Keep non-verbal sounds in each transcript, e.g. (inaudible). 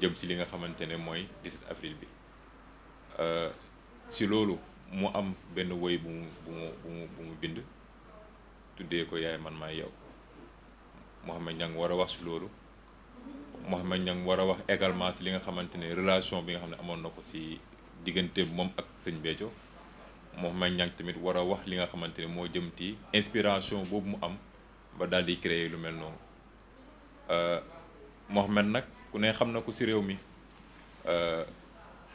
jëm si li nga xamante ne mooy 17 avril bi si euh, loolu mu am benn woy bu mu bu mu bu mu bind tuddee ko yaay man maay yow Mouhamed Niang war a wax si loolu Mouhamed ñaŋ war a wax également si li nga xamante ne relation bi nga xam ne amoon na ko si diggante moom ak sëñ Béthio Mouhamed Niang tamit war a wax li nga xamante ne moo jëm ci inspiration boobu mu am ba daal di créer lu mel noonu euh, Mouhamed nag ku ne xam na ko si réew mi euh,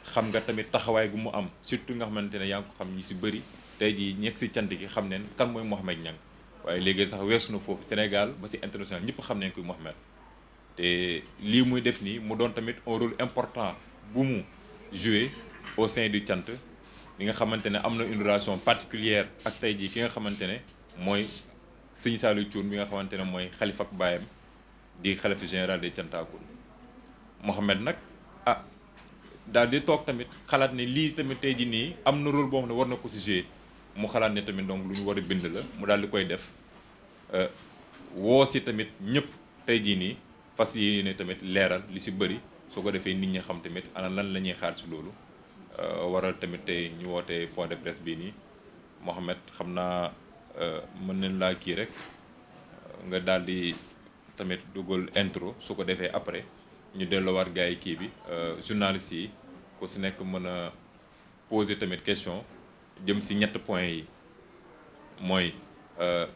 xam nga tamit taxawaay gu mu am surtout nga xamante ne yaa ngi ko xam ñu si bëri tey jii ñekk si cant gi xam neen kan mooy Mouhamed Niang waaye léegi sax weesu na foofu Sénégal ba si international ñëpp xam neen kuy Mouhamed te lii muy def nii mu doon tamit un rôle important bu mu joué au sein du cant li nga xamante ne am na une relation particulière ak tey jii ki nga xamante ne mooy Sëñ Saliou Thioune bi nga xamante ne mooy xalifa ak baayam di xalifa général des Thiantakoune Mohamed nag ah daal di toog tamit xalaat ne lii tamit tey jii nii am na rôle boo xam ne war na ko si mu xalaat ne tamit donc lu ñu war a bind la mu daal koy def euh, woo si tamit ñëpp tey jii nii fas yéene tamit leeral li si bëri soo ko defee nit ñi xam tamit ana lan la ñuy xaar si loolu euh, waral tamit tey ñu wootee point de presse bii nii Mohamed xam naa euh, mën nañ laa kii rek nga daal di tamit dugal intro su ko defee après. ñu delloowaat gars yi kii bi euh, journaliste yi ku si nekk mën a poser tamit question jëm si ñett point yi mooy euh,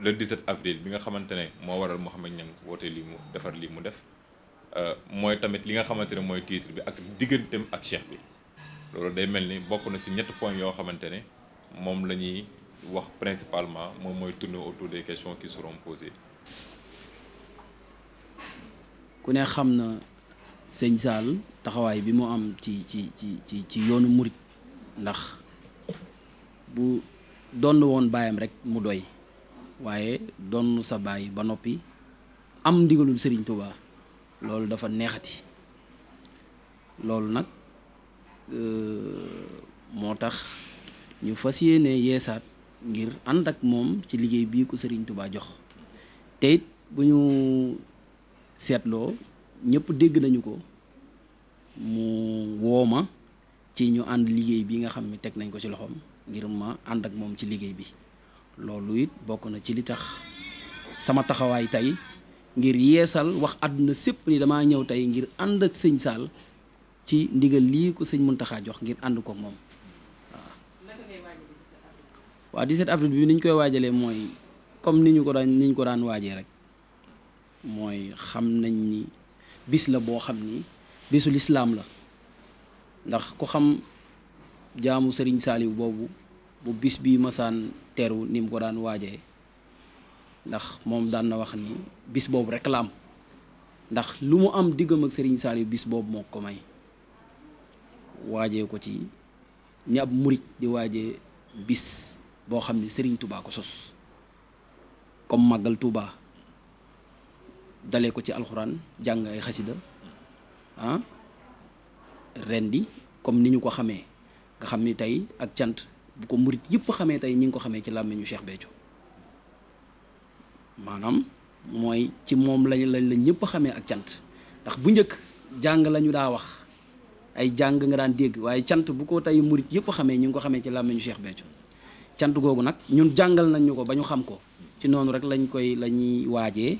le 17 avril bi nga xamante ne moo waral Mouhamed Niang woote lii mu defar lii mu def euh, mooy tamit li nga xamante ne mooy titre bi ak digganteem ak cheikh bi loolu day mel ni bokk na si ñett point yoo xamante ne moom la ñuy wax principalement moom mooy tourner autour des question qui seront posées ku ne xam na sëñ Saal taxawaay bi mu am ci ci ci ci ci yoonu murit ndax bu donn woon baayam rek mu doy waaye donn sa baay ba noppi am ndigalul sëriñ Touba loolu dafa neexati loolu nag euh, moo tax ñu fas yéene yeesaat ngir ànd ak moom ci liggéey bii ko sëriñ Touba jox te bu ñu seetloo ñëpp dégg nañu ko mu woo ma ci ñu ànd liggéey bi nga xam ni teg nañ ko ci loxoom ngir ma ànd ak moom ci liggéey bi loolu it bokk na ci li tax sama taxawaay tey ngir yeesal wax àdduna sépp ni dama ñëw tey ngir ànd ak sëñ Saal ci ndigal lii ko sëñ Muntaxa jox ngir ànd ko moom waa waaw 17 avril bi niñ koy waajalee mooy comme ni ñu ko daan ni ko daan waajee rek. mooy xam nañ ni bis la boo xam ni bisu lislaam la ndax ku xam jaamu sëriñ saaliw boobu bu bis bi masaan teru ni mu ko daan waajee ndax moom daan na wax ni bis boobu rek la ndax lu mu am diggam ak sëriñ saaliw bis boobu moo ko may waajee ko ci ña ab murit di waajee bis boo xam ni sëriñ tubaa ko sos comme màggal tubaa dalee ko ci alxuraan jàng ay xasida ah ren di comme ni ñu ko xamee nga xam ni tey ak cant bu ko murit yëpp xamee tey ñi ngi ko xamee ci làmmiñu Cheikh Béthio maanaam mooy ci moom lañ lañ la ñëpp xamee ak cant ndax bu njëkk jàng la ñu daa wax ay jàng nga daan dégg waaye cant bu ko tey murit yëpp xamee ñi ngi ko xamee ci làmmiñu Cheikh Béthio cant googu nag ñun jàngal nañ ñu ko ba ñu xam ko ci noonu rek lañ koy la ñuy waajee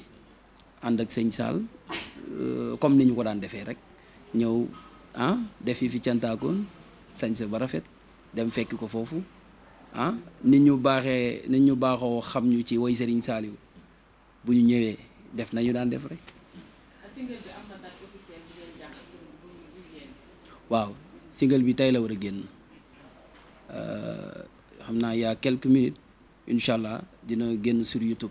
ànd ak sëñ Saal euh, comme ni ñu ko daan defee rek ñëw ah def yi fi cantaakoon sañse ba rafet dem fekki ko foofu ah, nit ñu baaxee nit ñu baaxoo xam ñu ci woy Serigne Saliou bu ñu ñëwee def nañu daan def rek. waaw single bi tey la war a génn euh, xam naa y a quelques minutes allah dina génn sur YouTube.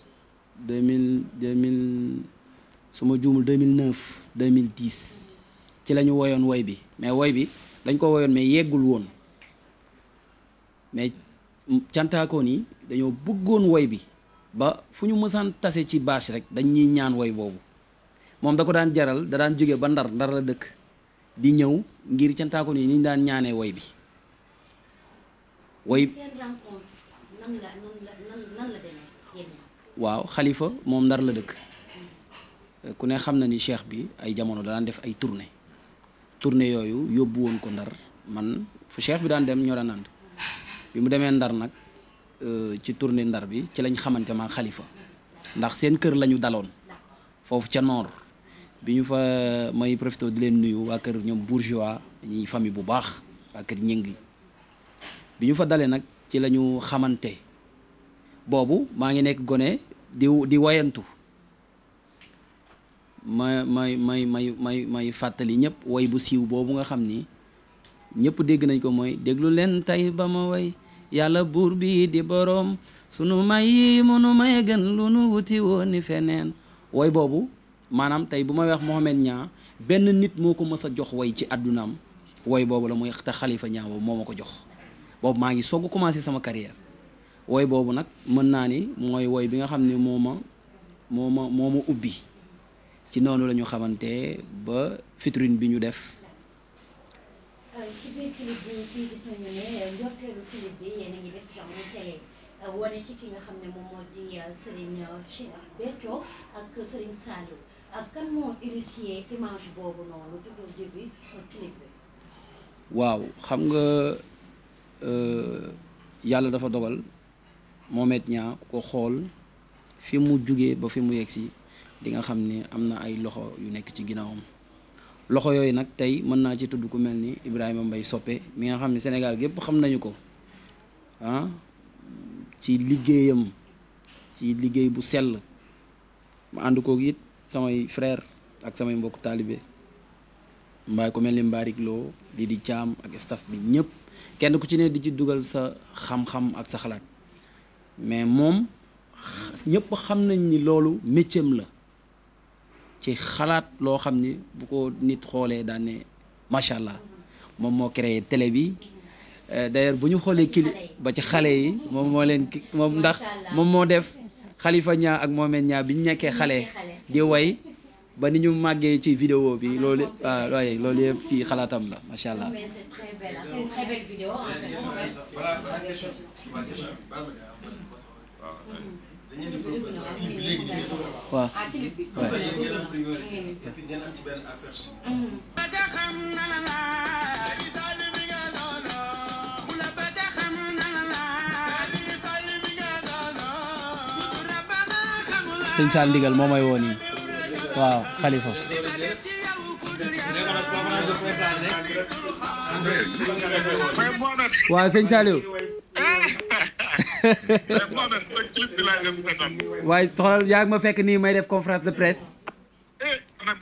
deux mille deux mille su ma juumul deux mille neuf mille dix ci la ñu woyoon woy bi mais woy bi dañ ko woyoon mais yeggul woon mais cantaakoon yi dañoo bëggoon woy bi ba fu ñu mësaan tase ci bâche rek dañuy ñaan woy boobu moom da ko daan jaral da daan jóge ba ndar ndar la dëkk di ñëw ngir cantaakoon yi ni daan ñaanee woy bi woy waaw xalifa moom ndar la dëkk ku ne xam na ni cheikh bi ay jamono daan def ay tournée tournée yooyu yóbbu woon ko ndar man fu cheikh bi daan dem ñoo daan ànd bi mu demee ndar nag euh, ci tournée ndar bi ci lañ xamante ma xalifa ndax seen kër la daloon foofu ca noor bi ñu fa may profité di leen nuyu waa kër ñoom bourgeois ñi famille bu baax waa kër ñëngi bi ñu fa dalee nag ci lañu ñu xamante boobu maa ngi nekk gone di di woyantu ma may may may may may fàttali ñëpp woy bu siiw boobu nga xam ni ñëpp dégg nañ ko mooy déglu leen tey ba ma woy yàlla buur bi di boroom sunu may yi munu may gën lu nu wuti woon feneen woy boobu maanaam tey bu ma wax Mohamed ñaa benn nit moo ko mës a jox woy ci àddunaam woy boobu la muy te xalifa Niang boobu moo ma ko jox boobu maa ngi soog a commencé sama carrière woy boobu nag mën naa ni mooy woy bi nga xam ne moo ma moo ma ubbi ci noonu la ñu xamante ba vitrine bi ñu def. Euh, ci gis nañu ne euh, njorteelu clip bi yéen ngi def genre télé euh, wane ci ki nga xam ne moom moo di Serigne Cheikh ak Serigne Saliou ak kan moo initié image boobu noonu tout au waaw xam nga yàlla dafa dogal. Mohamed Niang ko xool fi mu jugee ba fi mu yegg si di nga xam ni am na ay loxo yu nekk ci ginnaawam loxo yooyu nag tey mën naa ci tudd ku mel ni Ibrahima mbay Soppe mi nga xam ni Sénégal gépp xam nañu ko ah ci liggéeyam ci liggéey bu sell mu ànd koog it samay frère ak samay mbokk taalibe mbaay ku mel ni Mbarick Lo di di caam ak staff bi ñëpp kenn ku ci ne di ci dugal sa xam-xam ak sa xalaat mais moom ñëpp xam nañ ni loolu métier la ci xalaat loo xam ni bu ko nit xoolee daan ne macha allah moom moo créé télé bi d'ailleurs bu ñu xoolee kili ba ci xale yi moom moo leen ki moom ndax moom moo def xalifa ñaa ak moomeen ñaa bi ñu nekkee xale di way ba ni ñu màggee ci vidéo bi loolu waaw waaye loolu ci xalaatam la macha allah. waaw sëñ Sall ndigal moo may woon yi waaw xalifa waaw sëñ Saliou waaye xoolal yaa ngi ma fekk nii may def conférence de presse. Eh, ah,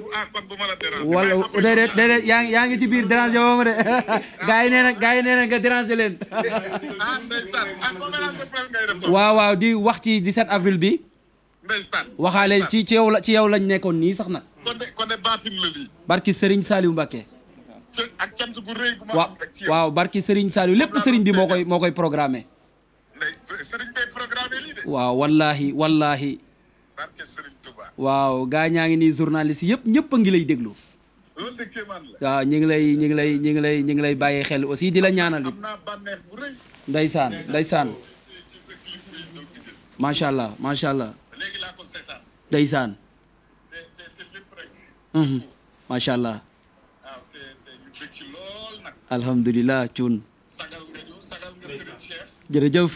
yaa ngi ci biir déranger woo ma de (laughs) gars yi nee na nga déranger leen. (laughs) Ah, ah, waaw waaw di wax ci 17 avril bi. waxaale ci ci la ci yow lañ nekkoon nii sax nag. barki Serigne Saliou Mbacké. waaw waaw barki Serigne Saliou lépp sëriñ bi moo koy moo koy programmé. waaw wallaahi wallaahi barke waaw gaa ñaa ngi nii journaliste yëpp ñëpp a ngi lay déglu loolu de kéemaan la waaw ñu ngi lay ñu ngi lay ñu ngi ñu ngi lay bàyyi xel aussi di la ñaanal it am naa bànneex bu rëy ndeysaan macha allah macha allah léegi laa ko mhm, macha allah alhamdulilah cuun jërëjëf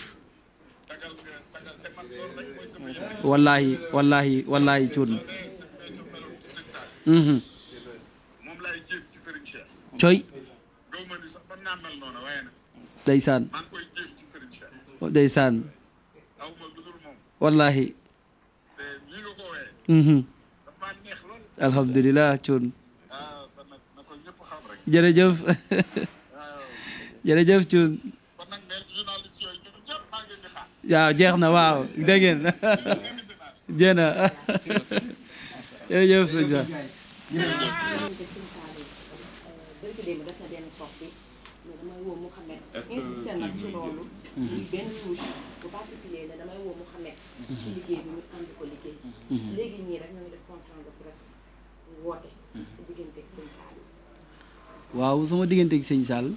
wallaahi wallaahi wallaahi cuun mhm. coy ndeysaan ndeysaan wallaahi mhm. alhamdulilah cuun jërëjëf (laughs) jërëjëf cuun waaw jeex na waaw dégg ngeen (laughs) jeex na (laughs) jërëjëf sëñ Saar insisté nag ci loolu muy benn rouge bu particulier la damay woo Mouhamed ci liggéey bi ñu ànd ko liggéey léegi ñii rek ñoo ngi def conférence de presse woote sa mm-hmm. diggante ak sëñ Sall waaw sama diggante ak sëñ Sall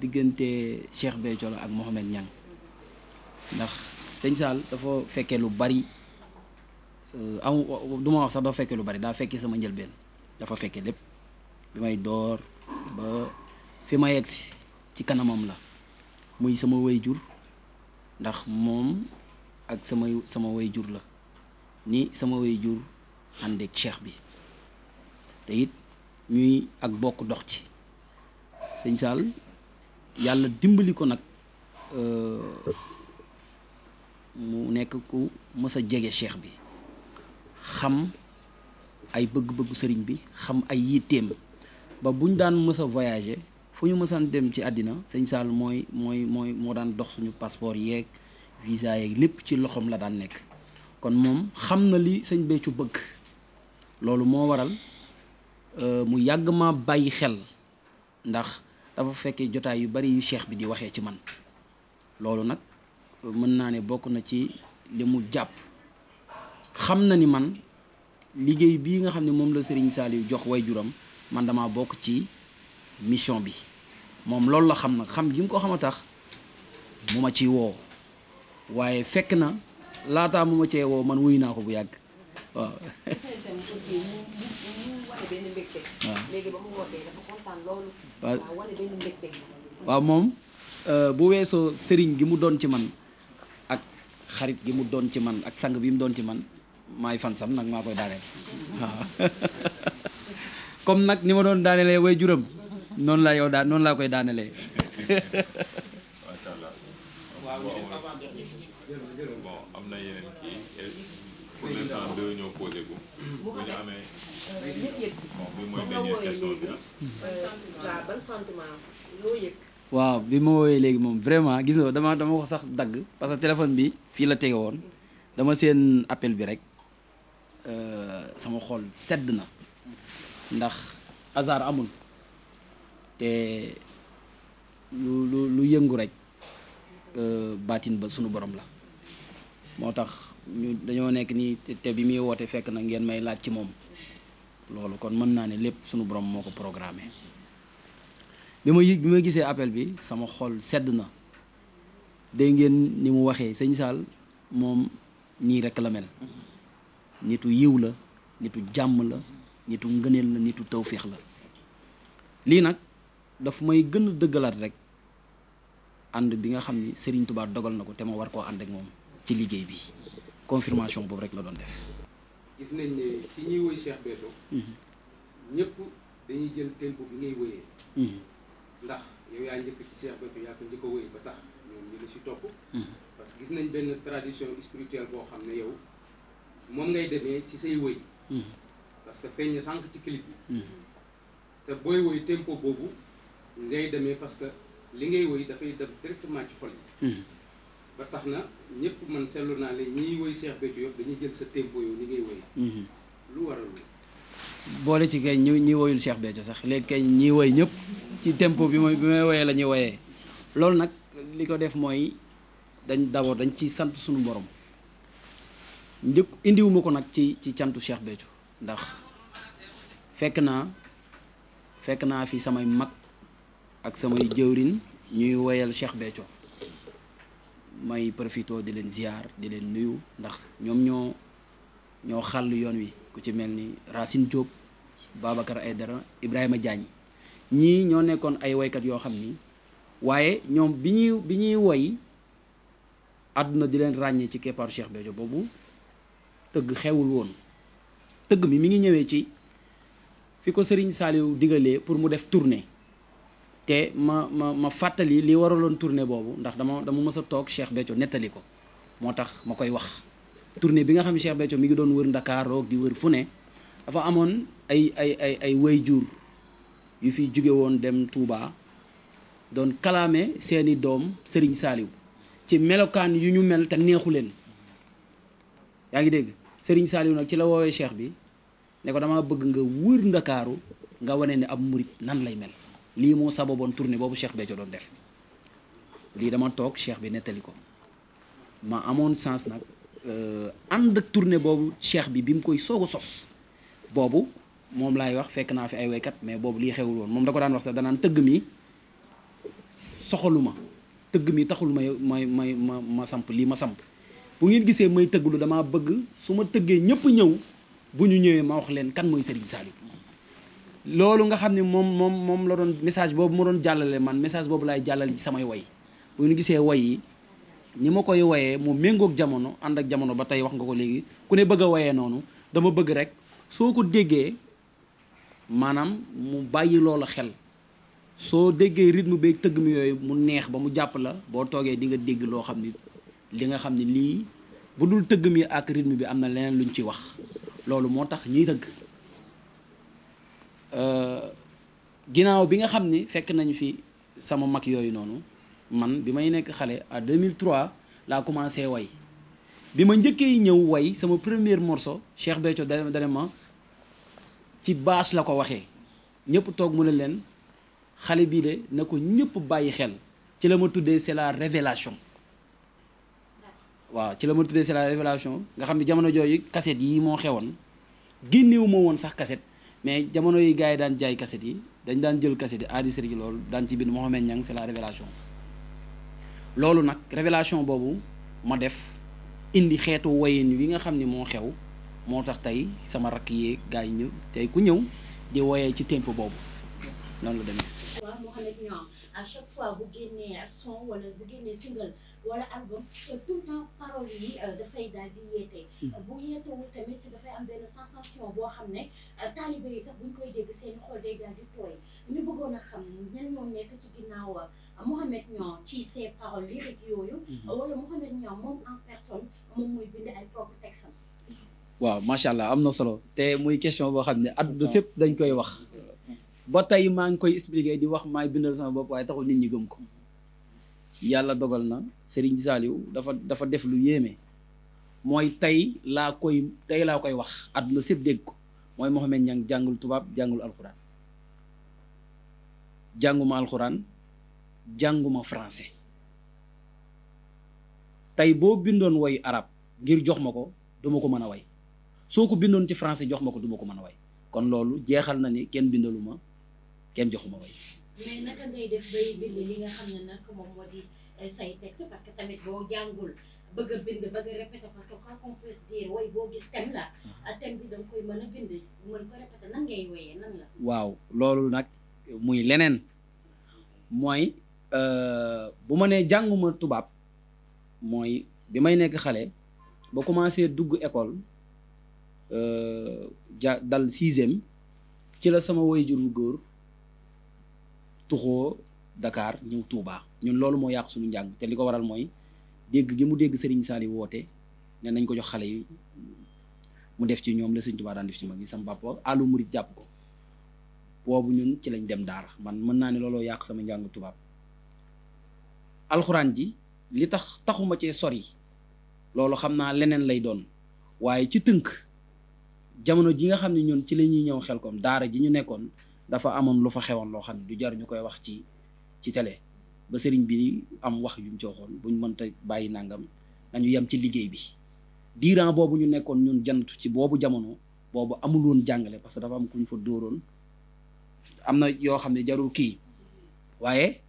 diggante Cheikh Béthio la ak Mouhamed Niang ndax sëñ Saal dafa fekkee lu bari euh, amu wax sax dafa fekke lu bari daa fekkee sama njëlbeen dafa fekke lépp bi may door ba fi ma yegg si ci kanamam la muy sama wayjur ndax moom ak sama sama wayjur la ni sama jur àndeek cheikh bi te it ñuy ak bokk dox ci sëñ Saal yàlla dimbali ko nag. Euh, mu nekk ku mës a jege cheikh bi xam ay bëgg-bëggu sëriñ bi xam ay yitteem ba buñ daan mësa a voyager fu ñu mësaan dem ci àddina sëñ Saal mooy mooy moo daan dox suñu passeport yeeg visa yeeg lépp ci loxoom la daan nekk kon moom xam na li sëñ Béthio bëgg loolu moo waral euh, mu yàgg ma bàyyi xel ndax dafa fekkee jotaay yu bari yu cheikh bi di waxee ci man loolu nag mën naa ne bokk na ci li mu jàpp xam na ni man liggéey bii nga xam ne moom la sëriñ Saliou jox way juróom man damaa bokk ci mission bi moom loolu la xam na xam gi mu ko xam a tax mu ma ci woo waaye fekk na laataa mu ma cee woo man wuy naa ko bu yàgg waaw. (laughs) waaw moom euh, bu weesoo sëriñ gi mu doon ci man xarit gi mu doon ci man ak sang bi mu doon ci man maay fan sam nag maa koy daaneel (laughs) comme nag ni ma doon daanelee way juram noonu laa yow daan koy daanelee. (laughs) waaw bi ma woowee léegi moom vraiment gis nga dama dama ko sax dagg parce que téléphone bi fii la tege woon dama seen appel bi rek euh, sama xol sedd na ndax hasard amul te lu lu lu yëngu rek euh, baatin ba sunu borom la moo tax ñu dañoo nekk nii te bi muy woote fekk na ngeen may laaj ci moom loolu kon mën naa ne lépp sunu borom moo ko programmé bi ma bi ma gisee appel bi sama xol sedd na dégg ngeen ni mu waxee sëñ Saal moom nii rek la mel nitu yiw la nitu jàmm la nitu ngëneel la nitu tawféex la lii nag dafa may gën a dëggalaat rek ànd bi nga xam ni sëriñ tubaat dogal na ko te ma war koo ànd ak moom ci liggéey bi confirmation boobu rek la doon def. gis nañ ndax yow yaa njëkk ci Cheikh Béthio yaa ko njëkk a ba tax ñoom ñu la si topp hmm. parce que gis nañ benn tradition spirituelle boo xam ne yow moom ngay demee si say wéy hmm. parce que feeñ sànq ci clip bi hmm. te booy woy tempo boobu ngay demee parce que li ngay woy dafay dem directement ci xol yi ba tax na ñëpp man seetlu naa leen ñiy woy Cheikh Béthio yëpp dañuy jël sa tempo yow li ngay woy lu waral boole ci kay ñi ñi woyul Cheikh Béthio sax léegi kay ñi woy ñëpp ci tempo bi mooy may woyee lañuy ñuy woyee loolu nag li ko def mooy dañ d'abord dañ ci sant suñu borom njëkk indiwuma ko nag ci ci santu Cheikh Béthio ndax fekk naa fekk naa fi samay mag ak samay jëwrin ñuy woyal Cheikh Béthio may profito di leen ziar di leen nuyu ndax ñoom ñoo ñoo xàll yoon wi ku ci mel ni Racine Diop Babacar dara Ibrahima Diagne ñii ñoo nekkoon ay woykat yoo xam ni waaye ñoom bi ñuy bi ñuy woy àdduna di leen ràññee ci keppaaru Cheikh Béthio boobu tëgg xewul woon tëgg mi mu ngi ñëwee ci fi ko sëriñ Saliou digalee pour mu def tournée te ma ma ma fàttali li waraloon tournée boobu ndax dama dama mës a toog Cheikh Béthio nettali ko moo tax ma koy wax tournée bi nga xam ne Cheikh Béthio ngi doon wër Ndakaaroog di wër fu ne dafa amoon ay ay ay ay waajur yu fi jóge woon dem Touba doon kalaame seeni doom sëriñ saaliw ci melokaan yu ñu mel te neexu leen yaa ngi dégg sëriñ Saliou nag ci la woowee Cheikh bi ne ko dama bëgg nga wër Ndakaaru nga wane ne ab murit nan lay mel lii moo sababoon tournée boobu Cheikh Béthio doon def lii dama toog Cheikh bi nettali ko ma amoon sens nag Euh, ànd ak tournée boobu cheikh bi bi mu koy soog a sos boobu moom laay wax fekk naa fi ay waykat mais boobu lii xewul woon moom da ko daan wax sax danaan tëgg mi soxalu ma tëgg mi taxul may may may ma ma samp lii ma samp bu ngeen gisee may tëgglu damaa bëgg su ma tëggee ñëpp ñëw bu ñu ñëwee ma wax leen kan mooy Serigne loolu nga xam ne moom moom moom la doon message boobu ma doon jàllale man message boobu laay jàllale ci samay woy bu ñu gisee way yi ni ma koy woyee mu méngoog jamono ànd ak jamono ba tey wax nga ko léegi ku ne bëgg a woyee noonu dama bëgg rek soo ko déggee maanaam mu bàyyi loola xel soo déggee rythme beeg tëgg yooyu mu neex ba mu jàpp la boo toogee di nga dégg loo xam ni li nga xam ni lii bu dul tëgg mi ak bi am na leneen lu ñu ci wax loolu moo tax ñuy tëgg euh, ginnaaw bi nga xam ni fekk nañu fi sama mag yooyu noonu man bi may nekk xale à 2003 laa commencé way bi ma njëkkee ñëw way sama première morso Cheikh Béthio dane dane ma ci baas la ko waxee ñëpp toog mu ne leen xale bii de na ko ñëpp bàyyi xel ci la ma tuddee c'est la révélation waaw ci la ma tuddee c'est la révélation nga xam ne jamono jooyu kaset yi moo xewoon génnewu ma woon sax kaset mais jamono yi gars yi daan jaay kaset yi dañ daan jël kaset yi aadi sëriñ loolu daan ci bind Mohamed Niang c'est la révélation loolu nag révélation boobu ma def indi xeetu woyin wi nga xam ni moo xew moo tax tey sama rakk yi gars yi tey ku ñëw di woyee ci temp boobu noonu la demee. wala album te tout temps parole yi euh, dafay daal di yeete. Mm. Euh, bu yeetewul tamit dafay am benn sensation boo xam ne euh, taalibe yi sax buñ koy dégg seen xol day daal di tooy ñu bëggoon a xam ñan ñoo nekk ci ginnaaw mm-hmm. waaw macha allah am na solo te muy question boo xam ne adduna sépp dañ koy wax mm-hmm. ba tey maa ngi koy expliquer di wax maay bindal sama bopp waaye taxul nit ñi gëm ko. yàlla dogal na Serigne Saliou dafa dafa def lu yéeme mooy tey laa koy tey laa koy wax àdduna set dégg ko mooy Mouhamed Niang jàngul tubaab jàngul alxuraan jànguma jànguma français tey boo bindoon woyu arab ngir jox ma ko duma ko mën a way soo ko bindoon ci français jox ma ko duma ko mën a way kon loolu jeexal na ni kenn bindaluma kenn joxuma way mais naka ngay def bay bind li nga xam ne nag moom moo di eh, say texte parce que tamit boo jàngul bëgg a bind bëgg a répéter parce que quoi qu'on puisse boo gis thème la mm-hmm. ah, thème bi danga koy mën a bind mën ko répéter nan ngay woyee nan la waaw loolu nag muy leneen mooy euh, bu ma nee jànguma tubaab mooy bi may nekk xale ba commencé dugg école euh, ja dal sixième ci la sama woy wu góor tuxoo Dakar ñëw Touba ñun loolu moo yàq suñu njàng te li ko waral mooy dégg gi mu dégg Serigne Saliou woote ne nañ ko jox xale yi mu def ci ñoom la Serigne Touba daan def ci mag yi sama bàppa àllu murit jàpp ko boobu ñun ci lañ dem daara man mën naa ne looloo yàq sama njàng tubaab alxuraan ji li tax taxuma cee sori loolu xam naa leneen lay doon waaye ci tënk jamono ji nga xam ne ñun ci la ñuy ñëw xel kom daara ji ñu nekkoon dafa amoon lu fa xewoon loo xam ne du jar ñu koy wax ci ci télé ba sëriñ bi am wax yu joxoon ci waxoon buñ mënta bàyyi nangam nañu yem ci liggéey bi diiran boobu ñu nekkoon ñun jantu ci boobu jamono boobu amul woon jàngale parce que dafa am kuñ fa dóoroon am na yoo xam ne jarul kii waaye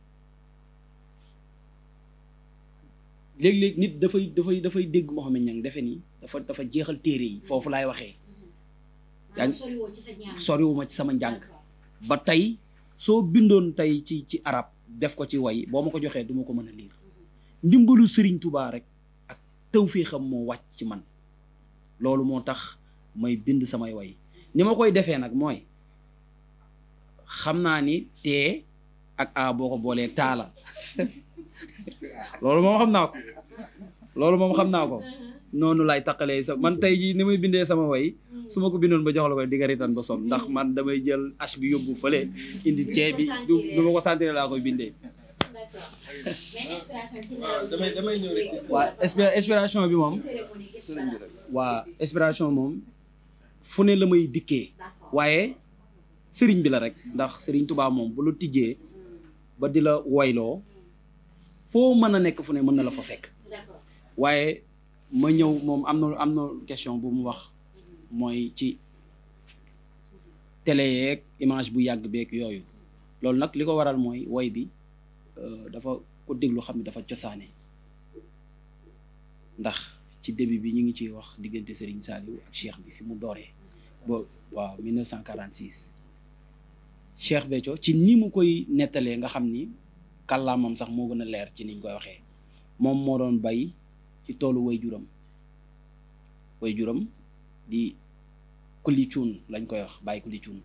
léeg-léeg nit dafay dafay dafay dégg Mouhamed Niang defe ni dafa dafa jeexal téere yi foofu laay waxee. Mm-hmm. yaa ngi soriwuma ci sama njàng. ba tey soo bindoon tey ci ci arab def ko ci way boo ma ko joxee duma ko mën a liir ndimbalu Serigne Touba rek ak tew tawféexam moo wàcc ci man loolu moo tax may bind samay way ni ma koy defee nag mooy xam naa ni tee ak a boo ko boolee taala (laughs) loolu moom xam naa ko loolu moom xam naa ko noonu laay taqalee sa man tey jii ni muy bindee sama way hmm. su ma ko bindoon ba jox la koy di nga ritaan ba sol ndax man damay jël ash bi yóbbu fële indi ceeb bi du ma ko sentir laa koy bindee. Ah, bi moom waaw inspiration moom fu ne la may dikkee waaye sëriñ bi la rek ndax sëriñ Tuubaa moom bu la tijjee ba di la wayloo foo mën a nekk fu ne mën na la fa fekk waaye ma ñëw moom am na am na question bu mu wax mooy ci télé yeeg image bu yàgg beeg yooyu loolu nag li ko waral mooy woy bi euh, dafa ko déglu xam ne dafa cosaane ndax ci début bi ñu ngi ciy wax diggante Serigne Saliou ak Cheikh bi fi mu dooree boo waaw 1946 Cheikh Béthio ci ni mu koy nettalee nga xam ni kàllaamam sax moo gën a leer ci niñ koy waxee moom moo doon bay ci toolu way juram way juram di kulli cuun lañ koy wax bàyyi kulli cuun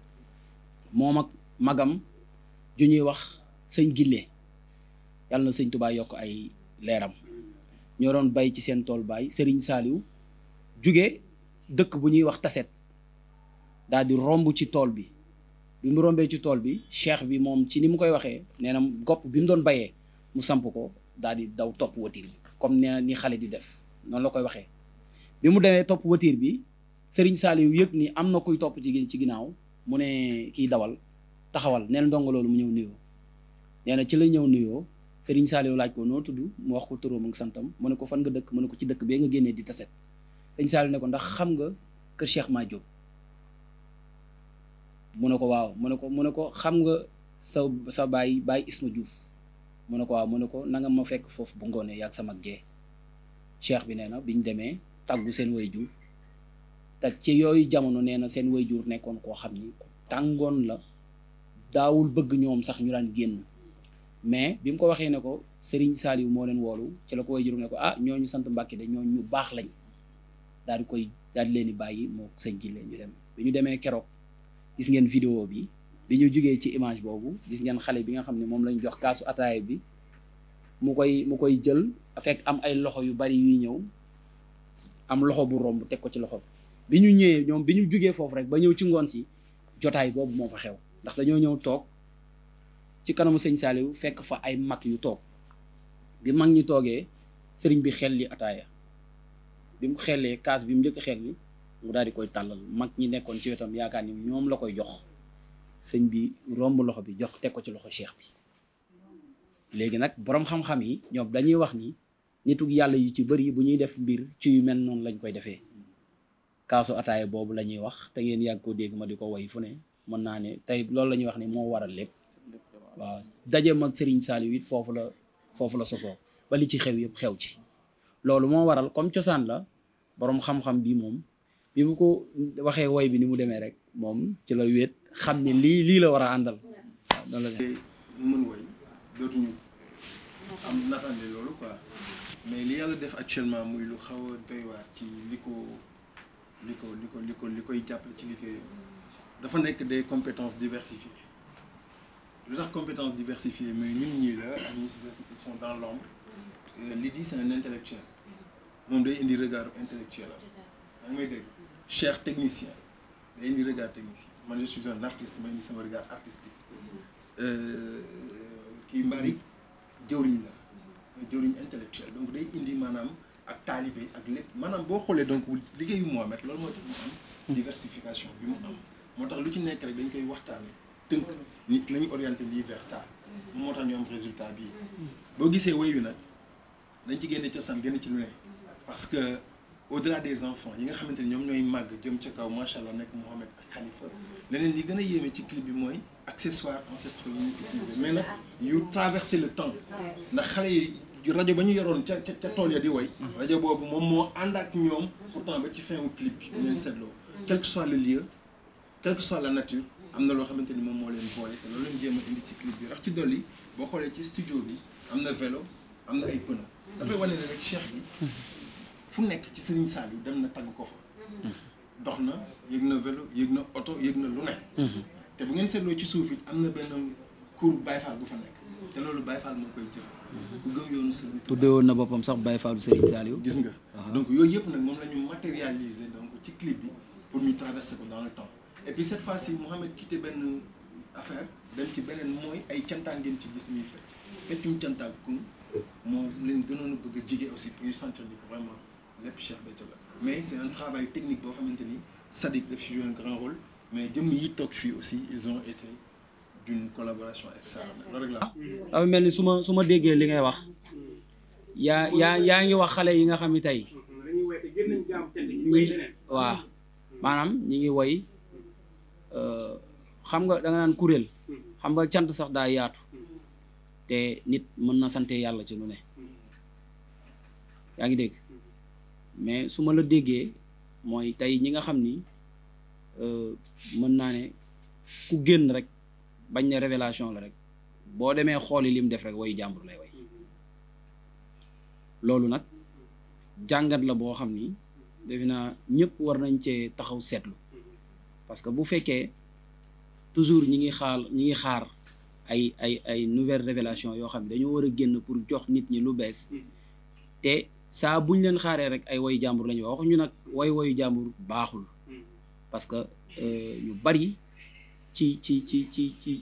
moom ak magam ju ñuy wax sëñ gille yàlla na sëñ Tuubaa yokk ay leeram ñoo doon bay ci seen tool baay Sëriñ Saaliw jóge dëkk bu ñuy wax taset daal romb ci tool bi bi mu rombee ci tool bi cheikh bi moom ci ni mu koy waxee nee na gopp bi mu doon bayee mu samp ko daal daw topp watir yi comme ne ni xale di def noonu la koy waxee bi mu demee topp watiir bi Serigne Saliou yëg ni am na kuy topp ci ci ginnaaw mu ne kiy dawal taxawal neen ndongo loolu mu ñëw nuyoo nee na ci la ñëw nuyoo Serigne Saliou laaj ko noo tudd mu wax ko turam ak santam mu ne ko fan nga dëkk mu ne ko ci dëkk bee nga génnee di taset Serigne Saliou ne ko ndax xam nga kër Cheikh Ma Diop mu ne ko waaw mu ne ko mu ne ko xam nga sa sa baay baay Isma juuf mu ne ko waaw mu ne ko nanga ma fekk foofu bu ngoonee yaag sama gée cheikh bi nee na biñ demee tàggu seen way jur te ci yooyu jamono nee na seen jur nekkoon koo xam ni tàngoon la daawul bëgg ñoom sax ñu daan génn mais bi mu ko waxee ne ko Serigne Saliou moo leen woolu ci la ko wayjur ne ko ah ñooñu sant Mbàkke de ñooñu ñu baax lañ daal di koy daal di leen di bàyyi moo sëñ ji leen ñu dem bi ñu demee keroog gis ngeen vidéo bi bi ñu jugee ci image boobu gis ngeen xale bi nga xam ne moom lañu jox kaasu ataaya bi mu koy mu koy jël fekk am ay loxo yu bari yuy ñëw am loxo bu romb teg ko ci loxo bi ñu ñëwee ñoom bi ñu jugee foofu rek ba ñëw ci ngoon si jotaay boobu moo fa xew ndax dañoo ñëw toog ci kanamu sëñ Saliou fekk fa ay mag yu toog bi mag ñi toogee sëriñ bi xel li ataaya bi mu xelee kaas bi mu njëkk xel ni mu daal di koy tàllal mag ñi nekkoon ci wetam yaakaar ni ñoom la koy jox sëñ bi romb loxo bi jox teg ko ci loxo cheikh bi léegi nag boroom xam-xam yi ñoom dañuy wax ni nitug yàlla yu ci bëri bu ñuy def mbir ci yu mel noonu lañ koy defee kaaso ataaya boobu la ñuy wax te ngeen yàgg koo dégg ma di ko woy fu ne mën naa ne tey loolu la ñuy wax ni moo waral lépp waaw daje mag Serigne Saliou foofu la foofu la sosoo ba li xew yëpp xew ci loolu moo waral comme cosaan la borom xam bi moom bi mu ko waxee woy bi ni mu demee rek moom ci la wéet xam ni lii lii la war a àndal. waaw la mën woy dootuñu am naataange loolu quoi mais li yàlla def actuellement muy lu xaw a doy ci li ko li ko li ko li ko li koy jàppale ci liggéeyam dafa nekk des compétences diversifiées lu tax compétences diversifiées mais ñun ñii la ak ñi li di euh, c'est un intellectuel moom day indi regard intellectuel am yaa ngi cher technicien day indi regard technique man je suis un artiste ma indi sama regard artistique euh, kii Mbari jëwriñ la jëwriñ intellectuel donc day indi maanaam ak taalibe ak lépp maanaam boo xoolee donc liggéeyu Mohamed loolu moo tax mu am diversification bi mu am moo tax lu ci nekk rek dañ koy waxtaanee tënk nit nañu orienté lii vers ça moom moo tax ñu am résultat bii boo gisee woy wi nag dañ ci génne cosaan génne ci lu ne parce que au-delà des enfants yi nga xamante ni ñoom ñooy màgg jëm ca kaw macha allah nekk Mouhamed ak Khalifa leneen li gën a yéeme ci clip bi mooy accessoire ancestraux yi ñu utilisé mais nag yu traversé le temps ndax xale yi rajo ba ñu yoroon ca ca tool ya di woy rajo boobu moom moo ànd ak ñoom pourtant ba ci fin wu clip bi ñu leen seetloo quel que soit le lieu quelle soit la nature am na loo xamante ni moom moo leen boole te loolu leen jéem a indi ci clip bi rax ci dolli boo xoolee ci studio bi am na vélo am na ay pneu dafay wane ne rek bi fu nekk ci saal Saliou dem na tagg ko fa dox na yëg na vélo yëg na oto yëg na lu ne te bu ngeen seetloo ci suuf yi am na benn cour Baye Fall bu fa nekk te loolu Baye Fall moo koy jëfe ku gëm yoonu Serigne tuddeewoon na boppam sax Baye Fall Serigne Saliou gis nga donc yooyu yëpp nag moom la ñu matérialiser donc ci clip bi pour ñu traverser ko dans le temps et puis cette fois-ci Mouhamed quitté benn affaire dem ci beneen mooy ay cantaan ngeen ci gis ñuy fecc feccum cantaan kun moom leen gënoon a bëgg a aussi pour ñu vraiment lépp mais c' technique boo xamante ni mais jëmm yi toog fii aussi ah, mel ni su ma su déggee li ngay wax yaa yaa yaa ngi wax xale yi nga xam ni tey waaw maanaam ñi ngi woy euh, xam nga da nga naan xam nga cant sax daa yaatu te nit mën na sante yàlla ci lu yaa ngi dégg mais su ma la déggee mooy tey ñi nga xam ni euh, mën naa ne ku génn rek bañ na révélation la rek boo demee xooli lim def rek way jàmbur lay way loolu nag jàngat la boo xam ni defe naa ñëpp war nañ cee taxaw seetlu parce que bu fekkee toujours ñi ngi xaar ñi ngi xaar ay ay ay nouvelle révélation yoo xam ne dañoo war a génn pour jox nit ñi lu bees te saa buñ leen xaaree rek ay woyu jàmbur lañu ñuy wax waxuñu nag woy woyu jàmbur baaxul parce que euh, ñu bari ci ci ci ci ci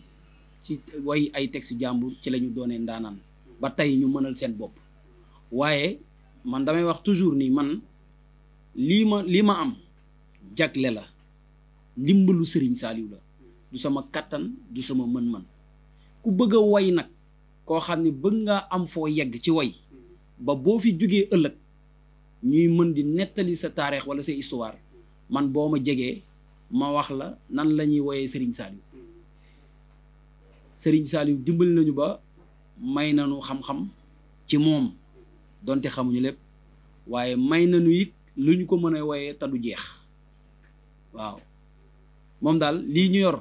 ci way ay texte jàmbur ci lañu ñu ndaanaan ba tey ñu mënal seen bopp waaye man damay wax toujours ni man lii ma li ma am jagle la ndimbalu Sëriñ Saaliw la du sama kattan du sama mën-mën ku bëgg a way nag koo xam ne bëgg nga am foo yegg ci way ba boo fi jógee ëllëg ñuy mën di nettali sa taarix wala sa histoire man boo ma jegee ma wax la nan lañuy ñuy woyee Serigne Saliou Serigne Saliou dimbali nañu ba may nañu xam-xam ci moom donte xamuñu lépp waaye may nañu it lu ñu ko mën a woyee te du jeex waaw moom daal lii ñu yor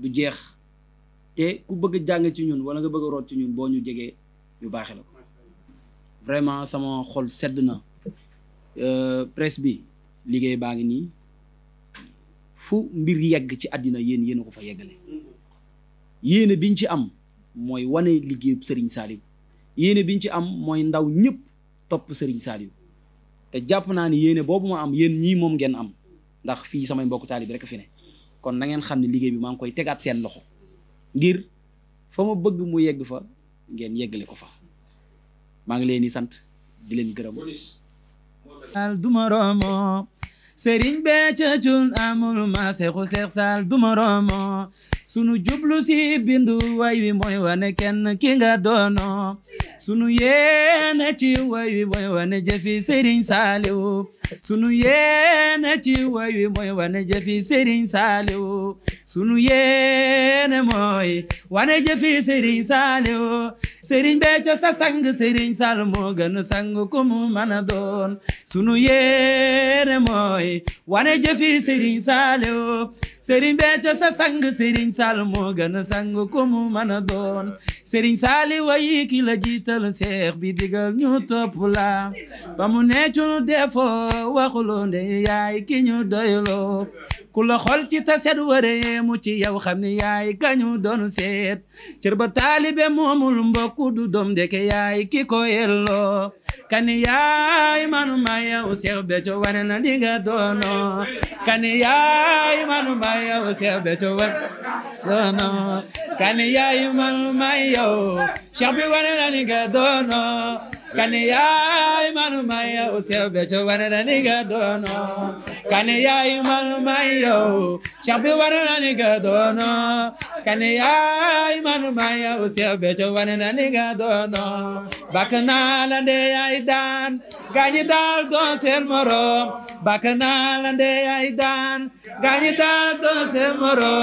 du jeex te ku bëgg jàng ci ñun wala nga bëgg root ci ñun boo ñu jegee ñu baaxee la ko vraiment sama xol sedd na euh, presse bi liggéey baa ngi nii fu mbir yegg ci addina yéen yéen ko fa yeggale yéene biñ ci am mooy wane liggéey Serigne Saliou yéene biñ ci am mooy ndaw ñëpp topp Serigne Saliou te jàpp naa ni yéene boobu ma am yéen ñii moom ngeen am ndax fii samay mbokk taali bi rek fi ne kon na ngeen xam ne liggéey bi maa ngi koy tegaat seen loxo ngir fa bëgg mu yegg fa ngeen yeggale ko fa maa ngi di sant di leen al du moromo Serigne Béthio Thioune amul ma Seexu Seex sunu jublu si bindu way wi mooy wane kenn ki nga doono sunu yéene ci way wi mooy wane jëfi Serigne Saliou sunu yéene ci way wi mooy wane jëfi Serigne Saliou sunu yéene mooy wane jëfi sa sang Serigne Saliou moo gën sang ku mu doon sunu yéene mooy wane jëfi Serigne Saliou sëriñ Béthio sa sang sëriñ Sall moo gën a sang mu mën a doon sëriñ Sali wayi ki la jiital seex bi digal ñu topp la ba mu ne cunu defoo waxuloo nde yaay ki ñu doyloo ku la xol ci taset waree mu ci yow xam ni yaay gañu doon seet cër ba taalibe moomul mbokku du doom deke yaay ki ko yelloo kani yaay manuma yow Seex Béthio wane na li doono kani yaay manuma yow Seex Béthio wane wane na li doono kane yaay manu may yow sebe co warana niga dono kane yaay manu may yow cabe warana niga dono kane yaay manu may yow sebe co warana niga dono bakanala nde yaay dan gañi dal don sen moro bakanala nde yaay dan gañi dal don sen moro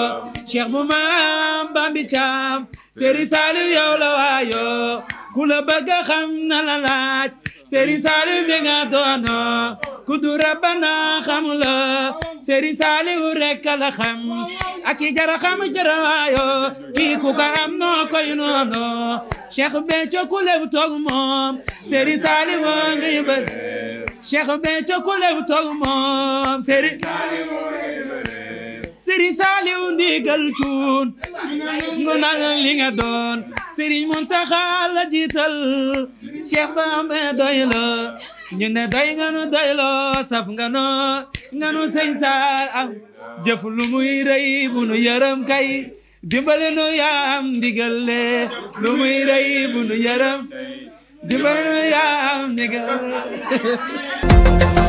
cheikh mumam bambi cam seri saliw yow la wayo ku la bëgg xam na la laaj Serigne Saliou mi nga ku du rabbana xamu la Serigne Saliou rek la xam ak jara xam jara waayo kii ku ko am noo koy noonu Cheikh Béthio ku lew toog moom Serigne Saliou ngi bër Cheikh Béthio ku lew toog moom Serigne Saliou ngi bër Serigne Saliou ndigal cuun ngu nang li nga doon Serigne Mountakha la jiital Cheikh Bamba doy la ñu ne doy nga nu doy loo saf nga noo nga nu sëñ Saar am jëf lu muy rëy yërëm kay dimbale nu yaa am ndigal le lu muy rëy bu nu yërëm nu yaa am ndigal (laughs)